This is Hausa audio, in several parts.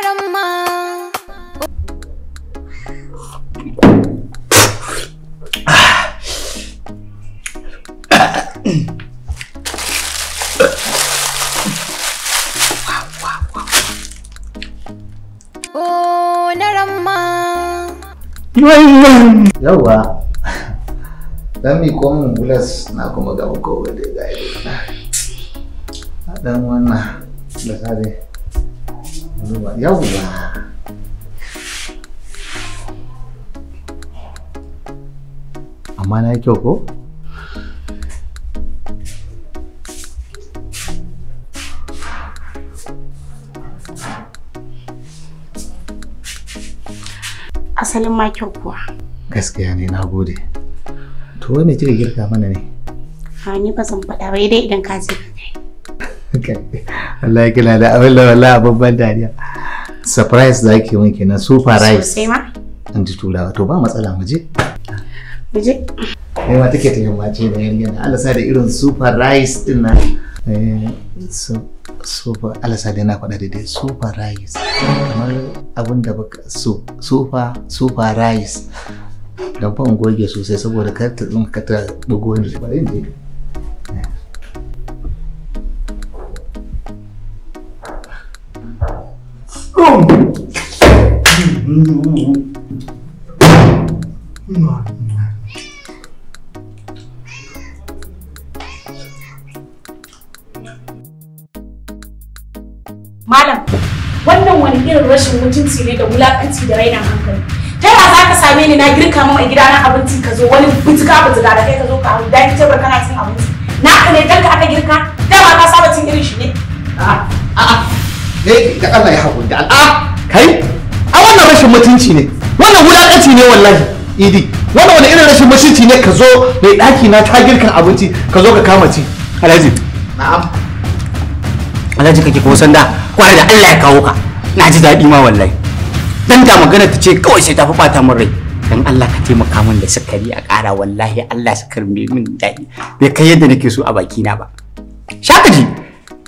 aramma. Yawwa, don mi komin bulas na kuma gaba kowa da gari. Dan wannan da sare. yawwa amma na yi kyau ko? asalin ma kyau kuwa. Gaskiya ne na gode. To wai me girka mana ne? A ni ba zan faɗa ba idan ka ji ka kai. Allah ya kila da abin da wallahi abin ban dariya. surprise da ake wanke na super rice sosai ma an ji turawa to ba matsala mu je mu je kai ma take ta yammace da yarinya da alasa da irin super rice din na eh, super alasa da na faɗa daidai super rice kamar abin da baka so super super rice dan fa goge sosai saboda kar ta tsinka ta bugo ni ba yin Malam, wannan wani irin rashin mutunci ne da wulakanci da rainin hankali. Ta yaya za ka same ni na girka mama gidana abinci ka zo wani butuka ta da kai ka zo ka hau dan cewa kana cin abinci. Na ka ne danka aka girka, ba ka saba cin irin shi ne. A'a, a'a. Eh, da Allah ya haƙuri da Allah. Ah, kai, wannan rashin mutunci ne wannan ɗaci ne wallahi idi wannan wani irin rashin mutunci ne ka zo mai ɗaki na ta girkan abinci ka zo ka kama ci alhaji na'am alhaji kake ko sanda kwarai da Allah ya kawo ka na ji daɗi ma wallahi dan da magana ta ce kawai sai ta fi bata min rai dan Allah ka taimaka min da sukari a ƙara wallahi Allah sukar mai min daɗi bai kai yadda nake so a baki na ba shaka ji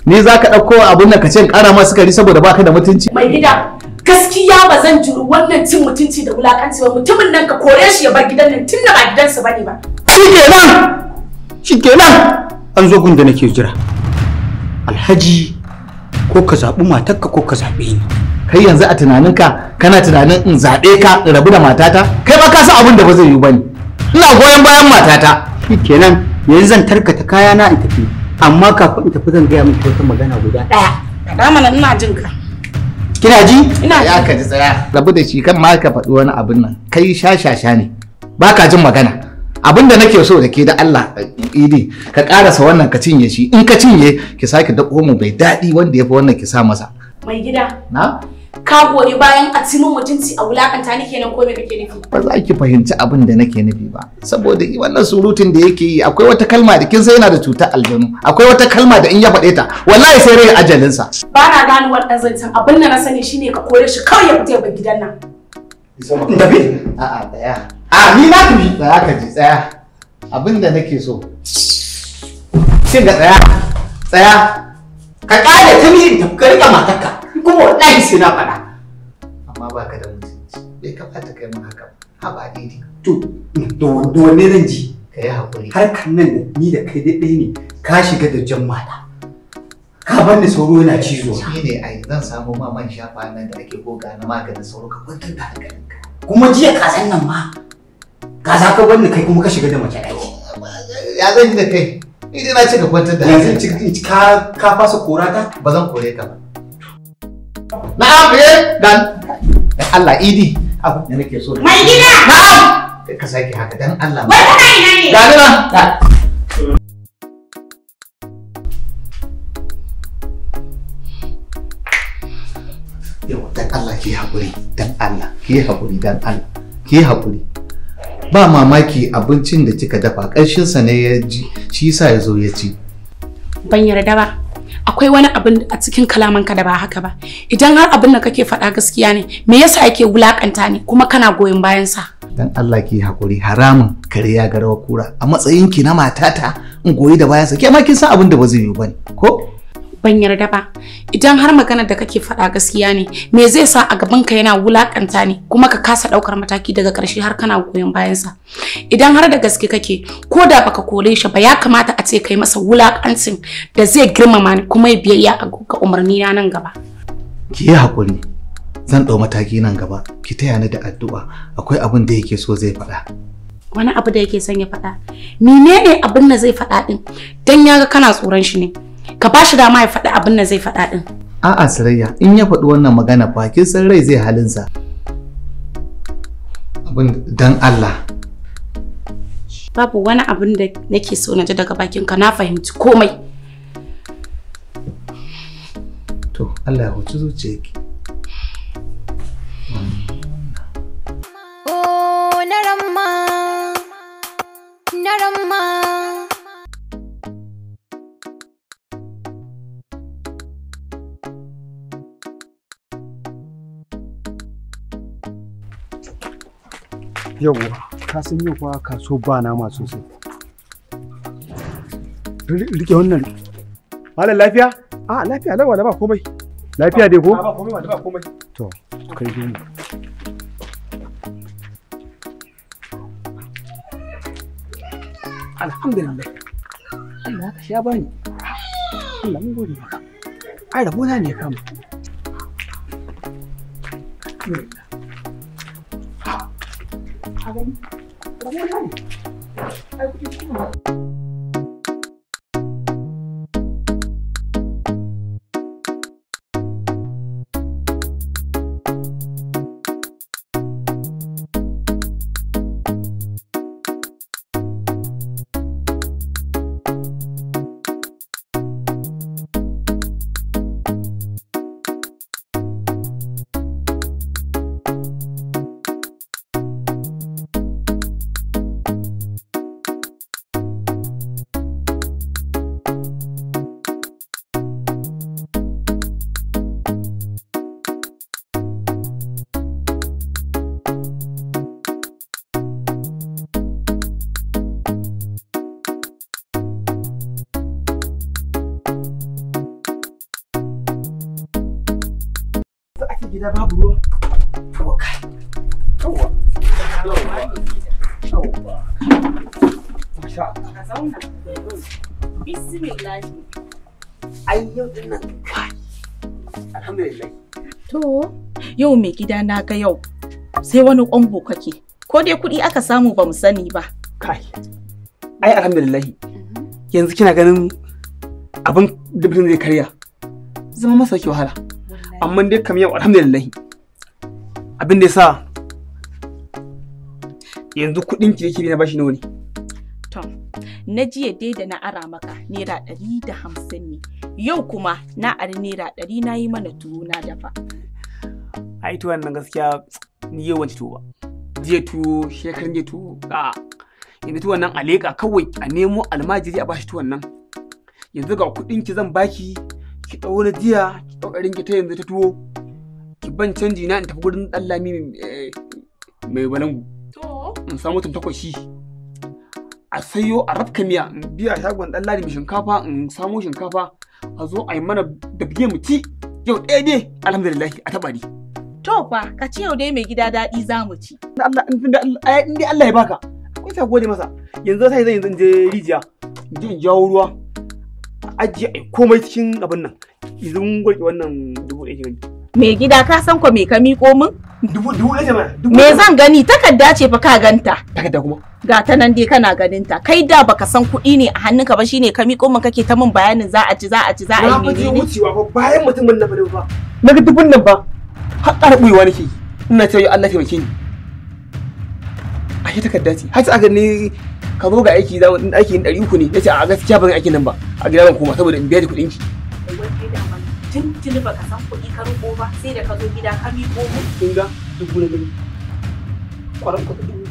ni za ka ɗauko abin da ka ce ƙara ma sukari saboda baka da mutunci mai gida gaskiya ba zan juri wannan cin mutunci da wulakanci ba mutumin nan ka kore shi ya bar gidan nan tunda ba gidansa bane ba shikenan shikenan an zo gunda nake jira alhaji ko ka zaɓi matarka ko ka zaɓe ni kai yanzu a tunaninka kana tunanin in zaɓe ka in rabu da matata kai ba ka san abin da ba zai yi bane ina goyon bayan matata shikenan yanzu zan tarkata kayana in tafi amma kafin in tafi zan gaya miki wata magana guda ɗaya faɗa mana ina jin ka kina ji ina ya ka ji tsaya rabu da shi kan ma ka faɗi wani abin nan kai sha shashasha ne baka jin magana abin da nake so da ke da Allah eh, idi ka karasa wannan ka cinye shi in ka cinye ki sake dako mu mai daɗi wanda ya fi wannan ki sa masa mai gida na ka goyi bayan a cimin mutunci a wulakanta ni kenan ko me kake nufi ba za ki fahimci abin da nake nufi ba saboda wannan surutun da yake yi akwai wata kalma da kin sai yana da cutar aljanu akwai wata kalma da in ya faɗe ta wallahi sai rai ajalinsa ba na gane wannan zancen abin da na sani shine ka kore shi kawai ya fita ba gidan nan tafi a'a tsaya a ni na tafi tsaya ka ji tsaya abin da nake so shin ga tsaya tsaya ka kare ta mijin ta ka rika matarka kuma wallahi sai na faɗa amma ba ka da mutunci bai kamata kai mun haka ha ba daidai to da wanne zan ji ka yi haƙuri harkar nan da ni da kai daɗai ne ka shiga da jan mata ka ban da sauro yana cizo shi ne ai zan samu ma man shafa nan da ake goga na maganin sauro ka kwantar da hankalinka kuma jiya ka kasan nan ma ka za ka ni kai kuma ka shiga da mace ɗaki ya zan da kai idan na ce ka kwantar da hankalinka ka fasa korata ba zan kore ka ba na'am eh dan Allah idi abu da nake so mai gida na'am ka sake haka dan Allah wai kana ina ne ga ni nan Allah ki hakuri, dan Allah ki hakuri, dan Allah ki hakuri. ba mamaki abincin da kika dafa ƙarshen sa ne ya ji shi yasa ya zo ya ci ban yarda ba akwai wani abin a cikin kalamanka da ba haka ba idan har abin da kake faɗa gaskiya ne me yasa ake wulakanta ne kuma kana goyon bayan sa dan Allah ki hakuri haramun kare ya garawa kura a matsayinki na matata in goyi da bayan sa ke ma kin san abin da ba zai yi bane ko ban yarda ba idan har magana da kake faɗa gaskiya ne me zai sa a gaban ka yana wulakanta ne kuma ka kasa ɗaukar mataki daga ƙarshe har kana goyon bayansa idan har da gaske kake ko da baka kore shi ba ya kamata a ce kai masa wulakancin da zai girmama ni kuma ya biyayya ga umarni na nan gaba ki yi hakuri zan ɗau mataki nan gaba ki taya ni da addu'a akwai abin da yake so zai faɗa wani abu da yake son ya faɗa menene abin da zai faɗa din dan ya ga kana tsoron shi ne ka ba shi dama ya faɗi abin da zai faɗa ɗin. A'a Sarayya in ya faɗi wannan magana ba san rai zai halinsa. Abin dan Allah. Babu wani abin da nake so na ji daga bakin ka na fahimci komai. To Allah ya huci zuciyarki. Yau ka san yau ka so ba nama sosai rike wannan malam alhamdulillah Allah ka sha bani Allah mun gode maka ai rabona ne kama Aí eu não sei gida babu ruwa kai yau to yau mai gida na ga yau sai wani kwambo kake ko dai kuɗi aka samu ba mu sani ba kai ai alhamdulillah mhm. yanzu kina ganin abin da zai karya zama masa ki wahala amma dai kam yau alhamdulillah abin da yasa yanzu kuɗin ki yake na bashi nawa ne to na jiya dai da na ara maka naira ɗari da hamsin ne yau kuma na ari naira ɗari na yi mana tuwo na dafa ai tuwon nan gaskiya ni yau wanci tuwo ba jiya tuwo shekarun jiya tuwo a yanzu tuwon nan a leƙa kawai a nemo almajiri a bashi tuwon nan yanzu ga kuɗin ki zan baki ki ɗau na jiya kokarin ki ta yanzu ta tuwo ki ban canji na in tafi gurin dan lami eh, mai balangu to in samu tun takwashi a sayo a rafka miya in biya shagon dan lami shinkafa in samo shinkafa a zo a yi mana da biye mu ci yau ɗaya dai alhamdulillah a tabari To fa ka ci yau dai mai gida daɗi za mu ci. In dai Allah ya baka ko ta gode masa yanzu sai zan je rijiya in je in jawo ruwa ajiye komai cikin abin nan izin gurki wannan dubu ɗaya Me gida ka san ko me ka miƙo min? Dubu dubu ɗaya jama'a. Me zan gani takarda ce fa ka ganta. Takarda kuma? Ga ta nan dai kana ganin ta. Kai da baka san kuɗi ne a hannunka ba shine ka miƙo min kake ta min bayanin za a ci za a ci za a yi Na fi wucewa ba bayan mutum na fa ba. Na ga dubun nan ba. Har ƙara ɓuyewa nake. Ina cewa Allah taimake ni. Ai takarda ce. Har ta aka ne ka zo ga aiki za mu aiki ɗari uku ne. Nace a gaskiya ba zan aiki nan ba. A gida zan koma saboda in biya da kuɗin ki. tuni baka san kuɗi ka rubo ba sai da ka zo gida ka miƙo mu. Kin ga dubu na gani. Kwaran kuɗi dubu.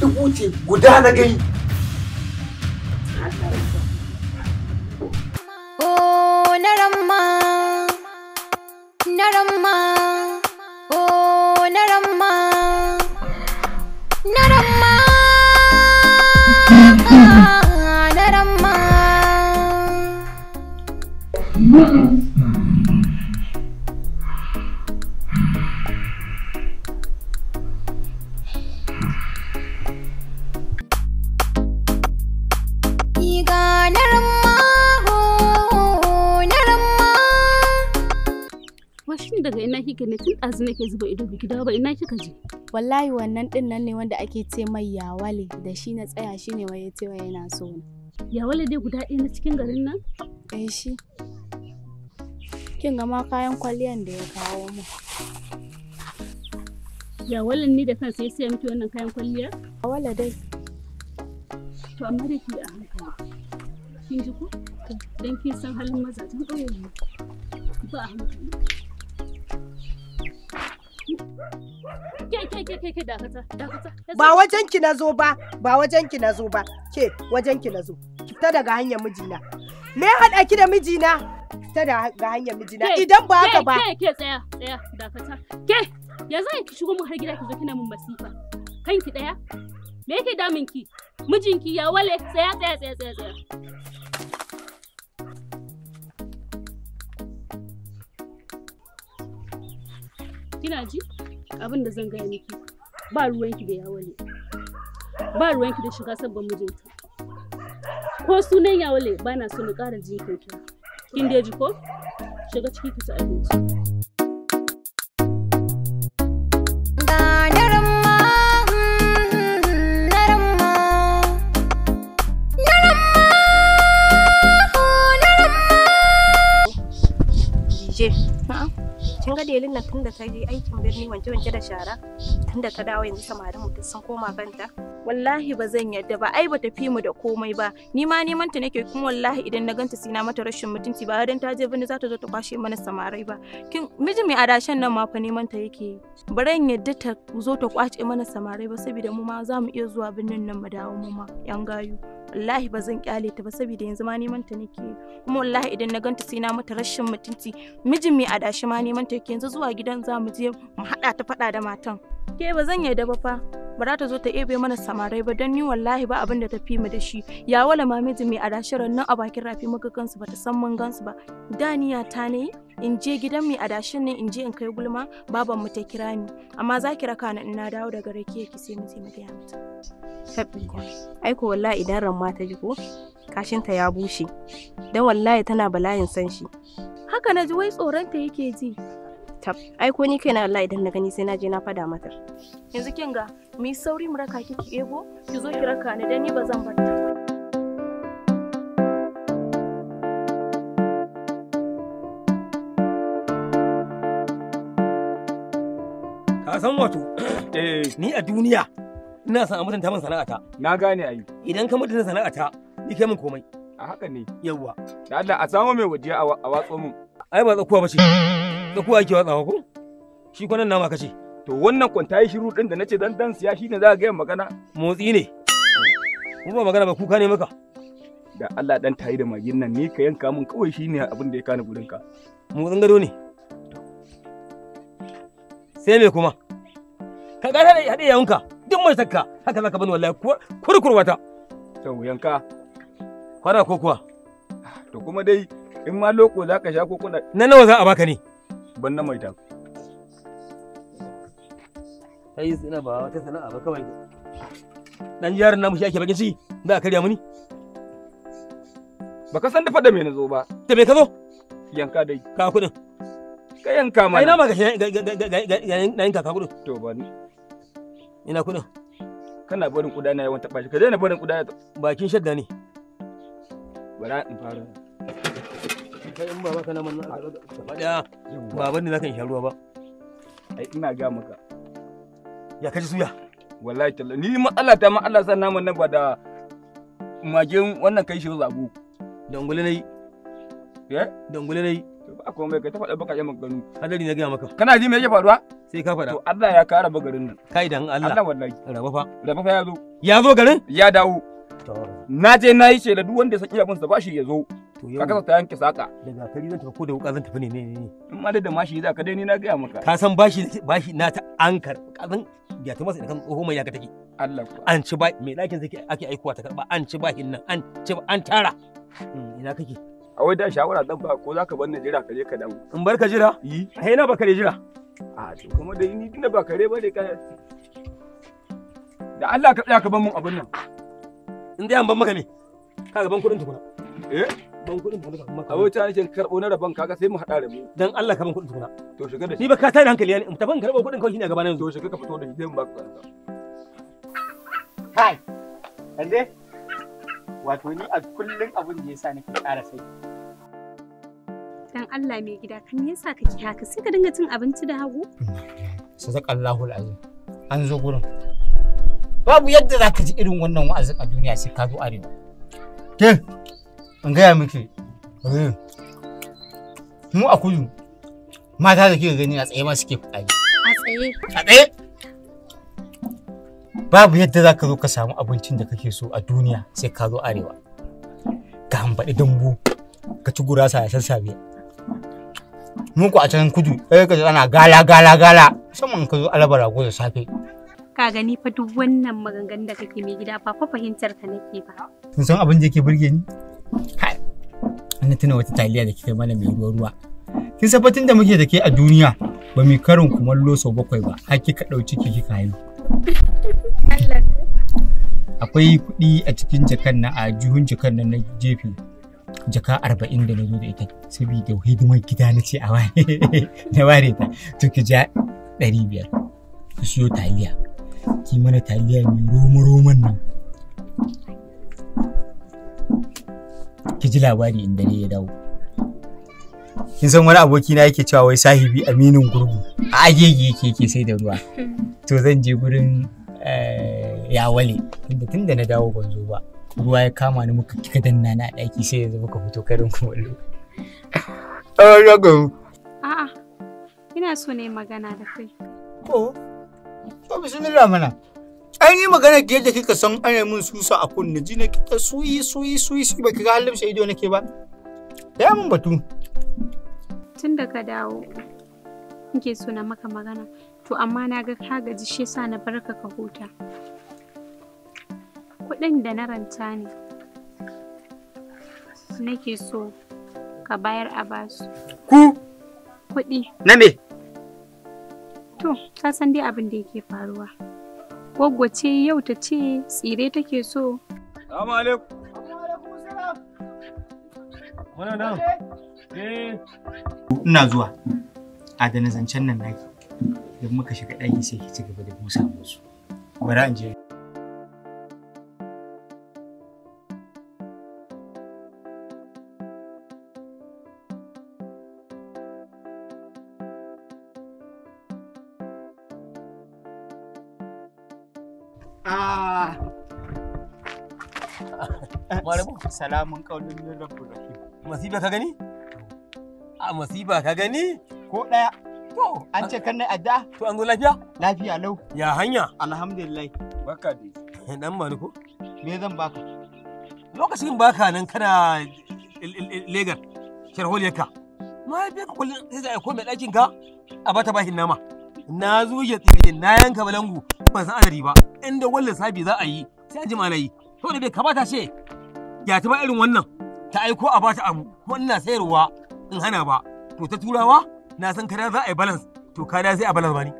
Dubu ce guda na gani. daga ina kike ne tun ɗazu nake zuba ido biki dawo ba ina kika je wallahi wannan ɗin nan ne wanda ake ce mai yawale da shi na tsaya shi ne waye ce yana so yawale dai guda ɗaya na cikin garin nan eh shi kin ga ma kayan kwaliyan da ya kawo mu yawale ni da kansa ya siya miki wannan kayan kwalliya yawale dai to amma da ki a hankali kin ji ko dan kin san halin mazajen ƙauyen ba a hankali Ba wajen ki nazo ba, ba wajen ki nazo ba, ke wajen ki nazo ki ta daga hanyar mijina. Me hada ki da mijina? ta daga hanyar mijina. Idan ba haka ba. Ke, ke, tsaya, tsaya, dakata. Ke, ya zan ki shigo mun har gida ki zo kina mun masifa. Kan ki ɗaya? Me yake damin ki? Mijinki ya wale, tsaya, tsaya, tsaya, tsaya. kina ji abin da zan gaya miki ba ruwanki da yawale ba ruwanki da shiga sabon mijinta ko sunan yawale ba na so na ƙara ji kinki kin dai ji ko shiga ciki ki ci abinci Yeah. kin ga delin nan tunda ta je aikin birni wanke wanke da shara tunda ta dawo yanzu samarin mu sun koma banta wallahi ba zan yadda ba ai bata fi mu da komai ba ni ma neman ta nake kuma wallahi idan na ganta sina mata rashin mutunci ba dan ta je birni za ta zo ta kwashe mana samarai ba kin miji mai adashen nan ma fa neman ta yake baran yadda ta zo ta kwace mana samarai ba saboda mu ma za mu iya zuwa birnin nan mu dawo mu ma yan gayu wallahi ba zan kyale ta ba saboda yanzu ma neman ta nake kuma wallahi idan na ganta sai na mata rashin mutunci mijin mai adashi ma neman ta yake yanzu zuwa gidan za mu je mu hada ta fada da matan ke ba zan yarda ba fa ba za ta zo ta ebe mana samarai ba don ni wallahi ba abin da ta fi mu da shi ya wala ma miji mai adashi nan a bakin rafi muka gansu ba ta san mun gansu ba daniya ta ne in je gidan mai adashin nan in je in kai gulma baban mu ta kira ni amma za ki raka na in na dawo daga rake ki sai mu je mu gaya mata kai, aiko wallahi idan ramma ta ji ko kashinta ya bushe don wallahi tana bala'in san shi haka na ji wai tsoronta yake ji tab aiko ni kai na wallahi idan na gani sai na je na fada mata yanzu kin ga mu sauri mu raka kiki ego ki zo ki raka ni dan ni ba zan bar ta ka san wato eh, ni a duniya ina son a mutunta min sana'ata na gane ayi idan ka mutunta sana'ata ni kai min komai a haka ne yawwa da Allah a samu mai wajiya a watso min ai ba tsakuwa ba ce tsakuwa yake watsawa ko shi kwanan nama kace to wannan kwanta yi shiru din da nace dan dan siya shine za ka ga magana motsi ne kuma ba magana ba kuka ne maka da Allah dan tayi da magin nan ni ka yanka min kawai shine abin da ya kana gurin ka motsin gado ne sai me kuma ka ga da hadiyanka. duk mai sakka haka zaka bani wallahi kurkurwata to yanka fara ko to kuma dai in ma loko zaka sha ko kuna na nawa za a baka ne ban na mai ta kai ina ba wata sana'a ba kawai dan namu shi ake bakin shi za a karya muni baka san da fada me nazo ba da me ka zo yanka dai ka kudin ka yanka mana ai na ga ga ga ga ga ga ga ga ga ga ga ga ga ga ga ga ga ga ina kuɗin kana barin kuda na yawan taɓa shi ka daina barin kuda bakin shadda ne bara in fara kai in baba kana man faɗa baban ne zaka in sha ruwa ba ai ina ga maka ya kaji suya wallahi tallahi ni matsala ta ma Allah san namun nan ba da magin wannan kai shi zago dangule nayi eh dangule nayi ba komai kai ta faɗa baka yi maganganu hadari na ga maka kana ji me yake faruwa sai ka faɗa to Allah ya kara ba garin nan kai dan Allah Allah wallahi raba fa raba fa ya zo ya zo garin ya dawo na je na yi shaida duk wanda ya san iyakun sa bashi ya zo ka kasa ta yanke saka daga kari zan tafi ko da wuka zan tafi ne ne ne in ma da mashi za ka dai ni na gaya maka ka san bashi bashi na ta ankar san ya ta masa kan tsoho mai ka take Allah ku an ci ba mai lakin zaki ake aikowa ta karba an ci bahin nan an ci an tara hmm, ina kake a wai da shawara dan ba ko zaka bar jira ka je ka dawo in bar ka jira eh na ka jira a to kuma da ni tunda ba kare bane ka da Allah ka tsaya ka ban mun abin nan in dai an ban maka ne ka ban kudin tukuna eh ban kudin tukuna ka maka abota nake karbo na rabon kaga sai mu da mu dan Allah ka ban kudin tukuna to shiga da ni ba ka tare hankali ne mu tafi karbo kudin kawai shine gaba nan to shiga ka fito da shi zan baka Ka kai kande wato ni a kullun abin da yasa nake ƙara sai Dan Allah mai gida kan sa yasa kake haka sai ka dinga cin abinci da hagu? Allahu azim. An zo gurin. Babu yadda za ka ji irin wannan wa'azin a duniya sai ka zo arewa. Ke, in gaya miki, mu a kudu mata da kika gani a tsaye ma suke fitsari. A tsaye? A tsaye. Babu yadda za ka zo ka samu abincin da kake so a duniya sai ka zo arewa. Ka hambaɗi dambu, ka ci gurasa da sassafe. mu ku a can kudu sai ka ana gala gala gala musamman ka zo alabara da safe ka gani fa duk wannan maganganun da kake mai gida ba fa fahimtar ka nake ba kun san abin da yake burge ni kai an tuna wata taliya da kike mana mai ruwa ruwa kin san fatin da muke da ke a duniya ba mu karin kumallo sau bakwai ba har kika ɗauki, kiki kika haihu akwai kuɗi a cikin jakan na a juhun jakan na na jefe jaka arba'in da na zo da ita saboda hidimar gida na ce a ware ta to ki ja ɗari biyar ki siyo taliya ki mana taliya mai romo-roman nan ki ji labari in dare ya dawo kin san wani aboki na yake cewa wai sahibi aminin gurgu a agege yake yake sai da ruwa to zan je gurin eh, yawale tunda tunda na dawo ban zo ba ruwa ya kama ni muka kika danna na daki sai yanzu muka fito karin kumallo. A'a, ina so ne magana da kai. Ko, to bismillah mana. Ai ni magana ke yadda kika san ana min susa a kunna ji ne kika suyi suyi suyi suyi baki ga halin ido nake ba. Ya mun batu. Tun da ka dawo, nake so na maka magana. To amma na ga ka gaji shi yasa na barka ka huta. kuɗin da na ranta ne nake so ka bayar a basu. Ku? Kuɗi. Na me? To, ka san dai abin da yake faruwa. ce yau ta ce tsire take so. Salamu alaikum. Eh. Ina zuwa. Adana zancen nan naki. Idan muka shiga ɗaki sai ki ci gaba da musa musu. Bari an je. Marbu, salamun kaulun min rabbul rahim. Masiba ka gani? A masiba ka gani? Ko ɗaya. To, an ce kan na adda? To, an zo lafiya? Lafiya lau. Ya hanya? Alhamdulillah. Baka dai. Dan Maliko? Me zan baka? Lokacin baka nan kana legar, sharholiyarka. Mahaifiyarka kullum sai za a ɗakin ka a bata bahin nama. Na zo ya tsire na yanka balangu ban san adadi ba. Inda wallan sabi za a yi sai a ji yi. to da bai kamata ce ya ta ba irin wannan ta aiko a bata abu kuma ina sayarwa in hana ba to ta turawa na san kada za a yi balance to kada sai a balance ba ni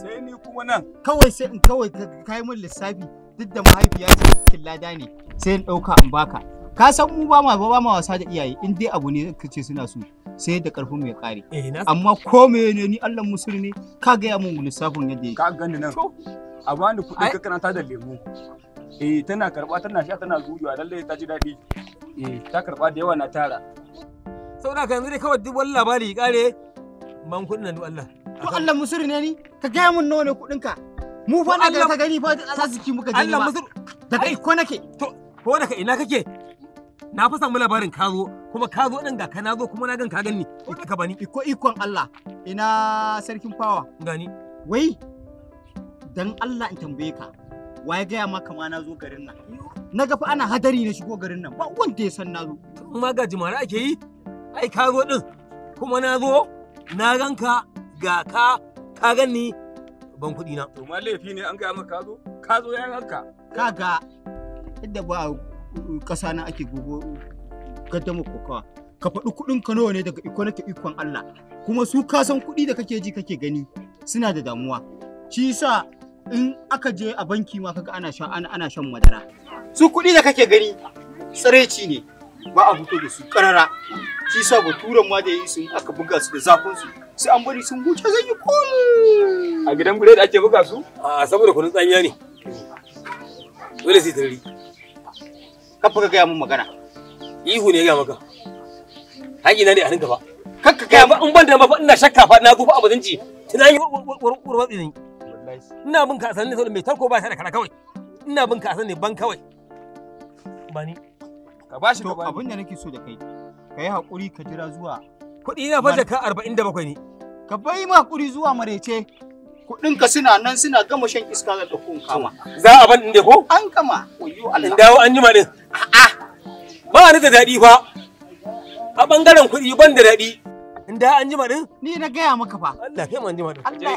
sai ni kuma nan kawai sai in kawai ka yi min lissafi duk da mahaifiya ce cikin lada ne sai in ɗauka in baka ka san mu ba ma ba ma wasa da iyaye in dai abu ne ce suna so sai da karfi mai kare eh, amma ko menene ni Allah musulmi ka ga ya mun lissafin yadda yake ga ni nan a bani kuɗin kakanata da lemu eh tana karba tana sha tana zuwa lallai ta ji daɗi eh ta karba da yawa na tara saboda ka yanzu dai kawai duk wani labari ya kare man kuɗin nan Allah to Allah musuri ne ni ka gaya mun nawa ne kuɗin ka mu fa da ta gani fa ta ziki muka gani Allah musuri daga ko nake to ko daga ina kake na fa samu labarin ka zo kuma ka zo din ga ka na zo kuma na gan ka gani ka bani iko ikon Allah ina sarkin fawa gani wai dan Allah in tambaye ka waye gaya maka ma na zo garin nan na ga fa ana hadari na shigo garin nan ba wanda ya san na zo kuma ga jimara ake yi ai ka zo din kuma na zo na ganka ga ka ka ganni ban kuɗi na to ma laifi ne an gaya maka ka zo ka zo ya ganka ga yadda ba kasa uh, na ake gogo gaddama kokawa ka faɗi kuɗin ka nawa ne daga iko nake ikon Allah kuma su ka san kuɗi da kake ji kake gani suna da damuwa shi yasa in aka je a banki ma kaga ana shan ana shan madara su kuɗi da kake gani tsireci ne ba a fito da su karara shi sa baturan ma da yi sun aka buga su da zafin su sai an bari sun huce zan yi komi a gidan gure da ake buga su a saboda kunun tsanya ne dole sai tarari kafa ka gaya mun magana ihu ne ga maka haƙi na ne a rinka ba kakka gaya ba in ban da ba ina shakka fa na gufa abadanci tunani warwatsi ne wallahi ina bin ka sanin saboda mai tarko ba shi da kara kawai ina bin ka sanin ban kawai ba ni ka ba shi ka ba abin da nake so da kai ka yi hakuri ka jira zuwa kuɗi na fa da ka bakwai ne ka bai ma hakuri zuwa marece kuɗin ka suna nan suna gama shan iska da kun kama za a ban inda ko an kama oyo Allah dawo an jima din a'a ba ni da daɗi fa a bangaren kuɗi ban da daɗi in da an jima din ni na gaya maka fa Allah kai man jima din Allah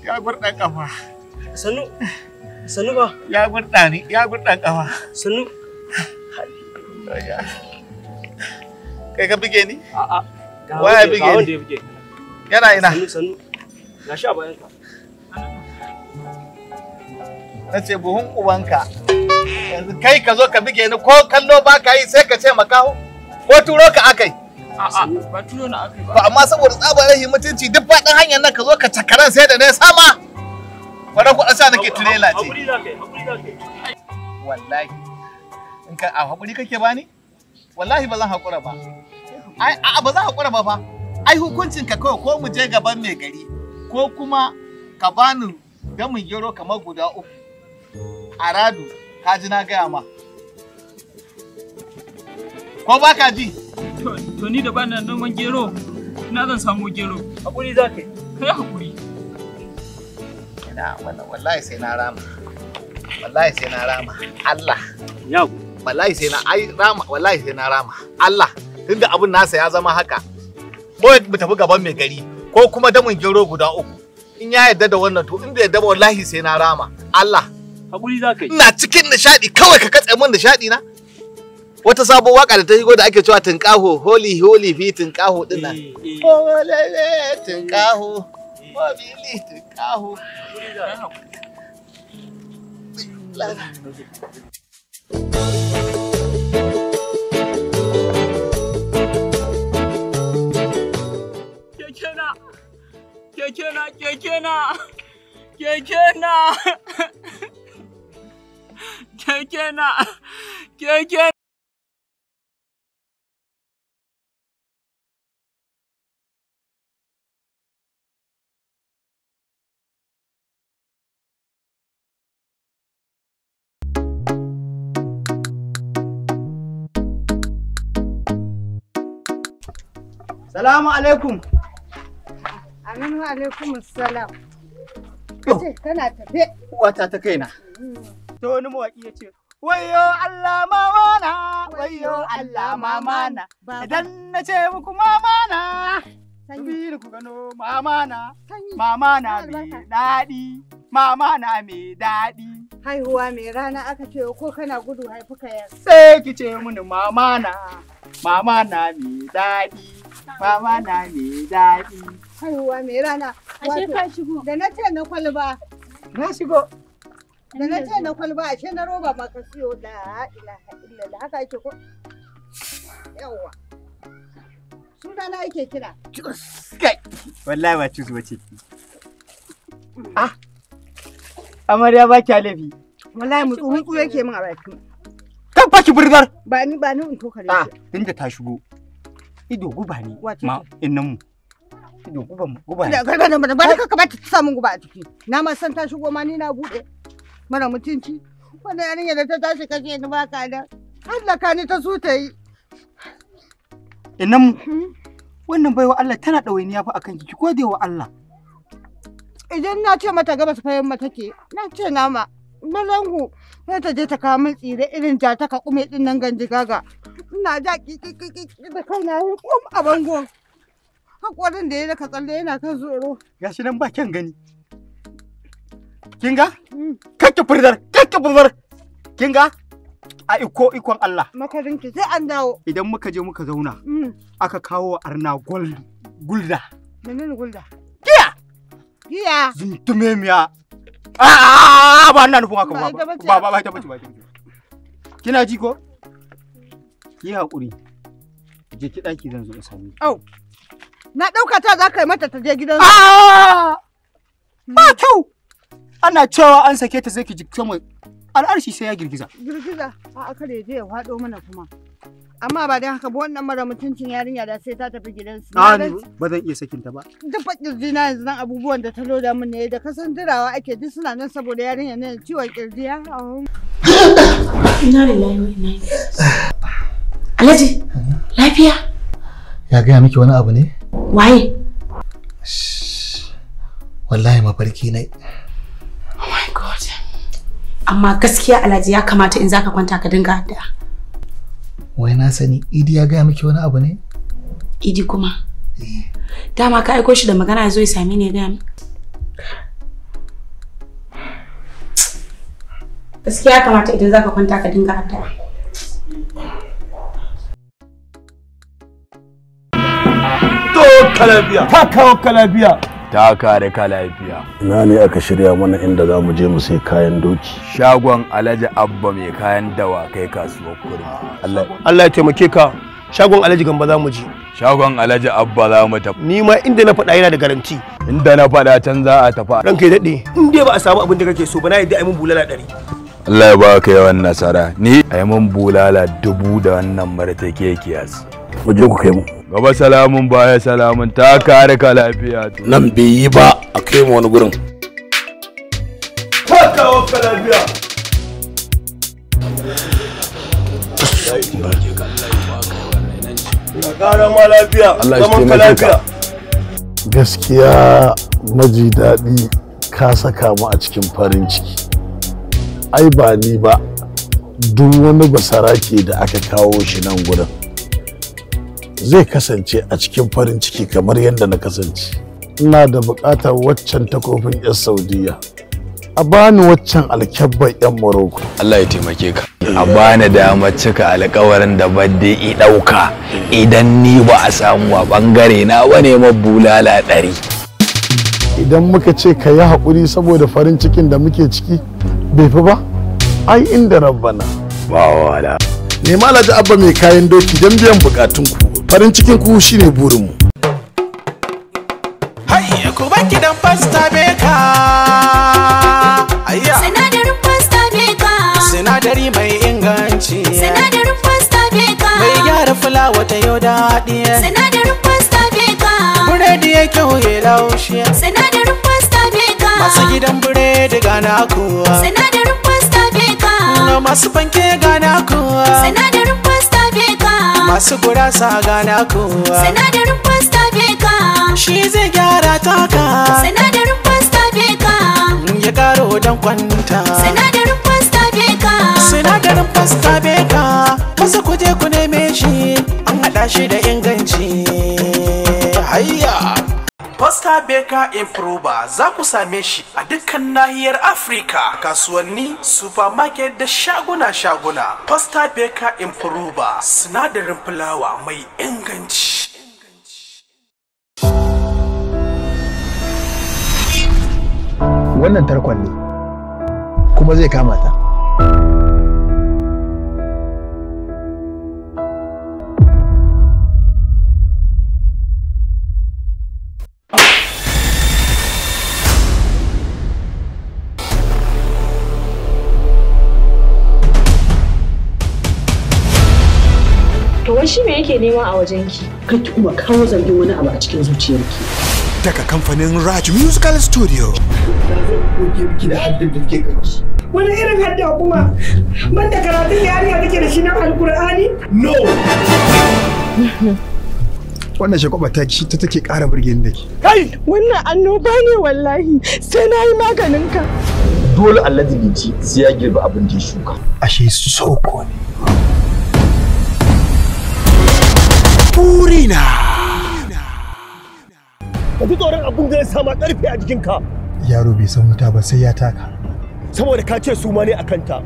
ya gurɗa kafa sannu sannu ba ya gurɗa ni ya gurɗa kafa sannu kai ka bige ni a'a waya bige ni yana ina sannu sannu na sha bayan ka na ce buhun ubanka yanzu kai ka zo ka bige ni ko kallo ba ka yi sai ka ce makaho ko turo ka akai ba amma saboda tsabar rashin mutunci duk faɗin hanyar nan ka zo ka cakaran sai da ne sama faran kuɗa sa nake tirela ce wallahi in ka a haƙuri kake bani wallahi ba zan haƙura ba ai a ba zan haƙura ba fa ai hukuncin ka kawai ko mu je gaban mai gari ko kuma ka bani damin gero kamar guda uku aradu ka ji na gaya ma ko ba ka ji To ni da bana noman gero, ina zan samu gero. Hakuri za ka yi. Kai hakuri. Ina wallahi sai na rama. Wallahi sai na rama. Allah. Yau. Wallahi sai na ai rama, wallahi sai na rama. Allah. Tunda abun nasa ya zama haka. Boy mu tafi gaban mai gari ko kuma damin gero guda uku. In ya yarda da wannan to in bai yarda wallahi sai na rama. Allah. Hakuri za ka yi. Ina cikin nishadi kawai ka katse min nishadi na. wata sabon waka da ta shigo da ake cewa tinkaho holy holy fi tinkaho din nan eh, eh. holele tinkaho mobili tinkaho Kekena, kekena, kekena, kekena, kekena, kekena. Salamu alaikum. Aminu alaikum salam. Kace kana tafe. Uwata ta kaina. Mm. To wani mawaki ya ce, Wayo Allah mamana, wayo Allah mamana, idan na ce muku mamana, Sabiru ku gano mamana, mamana mai daɗi, mamana mai daɗi. Haihuwa mai rana aka ce ko kana gudu haifuka ya. Sai ki ce mini mamana, mamana mai daɗi. Mama na me daɗi. Haihuwa me rana. Ashe ka shigo. Da na ce na kwalba. Na shigo. Da na ce na kwalba ce na roba ma ka siyo da ilaha illallah haka ake ko. Yawwa. Suna na ake kira. Kai. Wallahi ba cus ba ce. Ah. Amarya ba ki alabi. Wallahi mu tsuntsu yake min a baki. Kan fa ki burgar. Ba ni ba ni in to kare. Ah, dinda ta shigo. ido guba ne ma innan mu ido guba guba ne garba da ba da ka bata ta guba a ciki na ma san ta shigo ma ni na bude mara mutunci wannan yarinya da ta tashi kashe ni ka da Allah ka ni ta su ta yi innan mu hmm? wannan baiwa Allah tana ɗawainiya fa akan ki gode wa Allah idan na ce mata gabas fayin mata ke na ce nama malangu sai ta je ta kawo min tsire irin ja ta kakume din nan ganji gaga ina ja kikikiki da kaina yi kum a bango hakorin da ya da tsalle yana kan zoro gashi nan ba kyan gani kinga ga mm. kakki furzar kakki furzar kin a iko ikon Allah ki sai an dawo idan muka je muka zauna mm. aka kawo arna gulda menene gulda giya giya zuntume a ah, ah, ah, ba ina kuma haka ba ba ba ta bace ba kina ji ko ki hakuri je ki daki zan zo in au na dauka ta za ka yi mata ta je gidan a hmm. ba kyau ana cewa an sake ta sai ki ji kamar al'arshi sai ya girgiza. Girgiza a kare je ya faɗo mana kuma. Amma ba dan haka ba wannan mara mutuncin yarinya da sai ta tafi gidansu. A ba zan iya sakin ta ba. Duk bakin jina yanzu nan abubuwan da ta loda mun ne da kasan dirawa ake duk suna nan saboda yarinya ne ciwon kirji ya. Ina Alhaji lafiya? Ya gaya miki wani abu ne? Waye? Wallahi mafarki na amma gaskiya alhaji ya kamata in zaka kwanta ka dinga addu'a wai na sani idi ya gaya miki wani abu ne idi kuma eh. dama ka aiko shi da magana ya zo ya sami ne ya gaya gaskiya ya kamata idan zaka kwanta ka dinga addu'a to kalabiya ta kawo kalabiya ta kare ka lafiya. Ina ne aka shirya mana inda za mu je mu sai kayan doki. Shagon Alhaji Abba mai kayan kai kasuwar kurmi. Allah ya taimake ka. Shagon Alhaji Gamba za mu je. Shagon Alhaji Abba za mu tafi. Ni ma inda na faɗa yana da garanti. Inda na faɗa can za a tafi. Ranka ya daɗe. In dai ba a samu abin da kake so ba na yadda a yi mun bulala ɗari. Allah ya baka yawan nasara ni a yi mun bulala dubu da wannan martake kiyas. kiyas. Waje ku kai mu. gaba salamun baya salamun ta kare ka lafiya to nan bai yi ba a kai mu wani gurin kawo ka gaskiya maji daɗi ka saka mu a cikin farin ciki ai ba ni ba duk wani basara ke da aka kawo shi nan gurin zai kasance a cikin farin ciki kamar yadda na kasance ina da buƙatar waccan takofin 'yan saudiya a bani waccan alkyabban 'yan morocco allah ya taimake ka a bani damar cika alkawarin da badde i ɗauka idan ni ba a samu a ɓangare na ba wane bulala ɗari idan muka ce ka yi haƙuri saboda farin cikin da muke ciki bai fi ba ai inda rabbana ba wala nema alhaji abba mai kayan doki don biyan bukatun ku farin cikin ku shine burin mu hayya ku baki dan pasta beka ayya sinadarin pasta beka sinadari mai inganci sinadarin pasta beka mai gyara fulawa ta yau daɗi sinadarin pasta beka buredi ya kyau ya laushiya. sinadarin pasta beka masu gidan buredi gana kuwa sinadarin pasta Kano masu fanke gana kuwa Sinadarin pasta beka Masu gurasa gana kuwa Sinadarin pasta beka Shi zai gyara taka Sinadarin pasta beka Ya karo dan kwanta Sinadarin pasta beka Sinadarin pasta beka Masu kuje ku neme shi An haɗa shi da inganci Master beka Improver za ku same shi a dukkan nahiyar Afirka, kasuwanni, supermarket da shaguna-shaguna. Master Baker Improver sinadarin fulawa mai inganci. Wannan tarkon ne, kuma zai kamata kike nema a wajen ki kake kuma kawo zargin wani abu a cikin zuciyarki daga kamfanin Raj Musical Studio wani irin hadda kuma ban da karatun yariya take da shi na alkur'ani no wannan shakwaba ta ci ta take ƙara burgen da ke kai wannan annoba ne wallahi sai na yi maganin ka dole Allah ji sai ya girba abin da ya shuka ashe soko ne burina ka ji tsoron abin da ya sama karfe a jikinka yaro bai san wuta ba sai ya taka saboda ka ce ma ne a kanta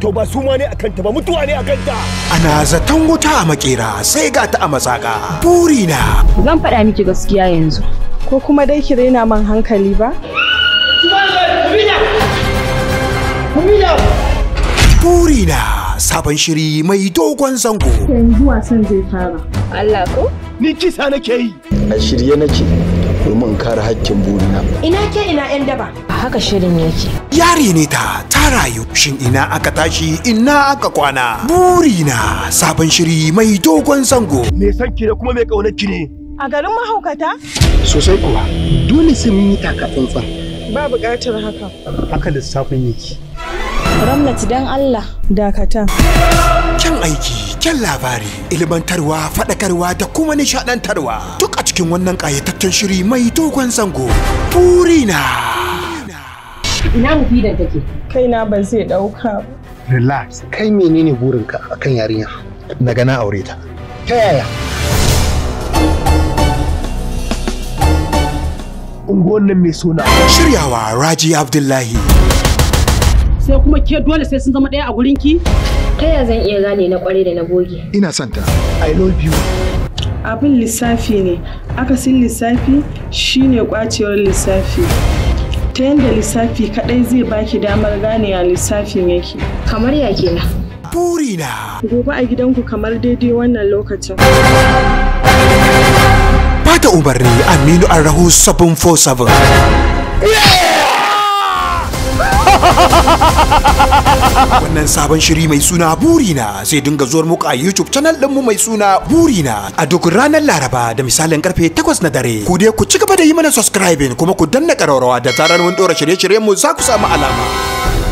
to ba ma ne a kanta ba mutuwa ne a kanta ana zaton wuta a makera sai ga ta a matsaka burina zan faɗa miki gaskiya yanzu ko kuma dai ki raina man hankali ba burina sabon shiri mai dogon zango. Yanzu wasan zai fara. Allah ko? Ni kisa nake yi. A shirye nake domin kare hakkin burina. Ina ke ina yan daba. Haka shirin yake. Yari ne ta ta rayu shin ina aka tashi ina aka kwana. Burina sabon shiri mai dogon zango. Me san ki da kuma me kaunar ki ne? A garin mahaukata? Sosai kuwa dole sai mun yi taka tsantsan. Ba buƙatar haka. Haka lissafin yake. Ramnati dan Allah dakata. Kyan aiki, kyan labari, ilmantarwa, faɗakarwa da kuma nishaɗantarwa. Duk a cikin wannan ƙayataccen shiri mai dogon zango. Purina. Ina mufidan take? Kaina ba zai ɗauka ba. Relax, kai menene burinka akan yarinya? Daga na aure ta. Ta yaya? unguwan nan mai suna. Shiryawa Raji Abdullahi. sai kuma ke dole sai sun zama ɗaya a gurin ki? Ta ya zan iya gane na kware da na goge? Ina santa. I love you. Abin lissafi ne, akasin lissafi shine kwacewar lissafi. Ta yadda lissafi kaɗai zai baki damar gane ya lissafin yake. Kamar ya kenan. Burina. Gobe a gidanku kamar daidai wannan lokacin. fata umarni Aminu Arahu 747. Wannan sabon shiri mai suna Burina zai dinga zuwar muku a YouTube channel ɗinmu mai suna Burina a duk ranar Laraba da misalin karfe 8 na dare. Ku dai ku ci gaba da yi mana subscribing kuma ku danna ƙararrawa da zarar mun ɗora shirye shiryen mu za ku samu alama.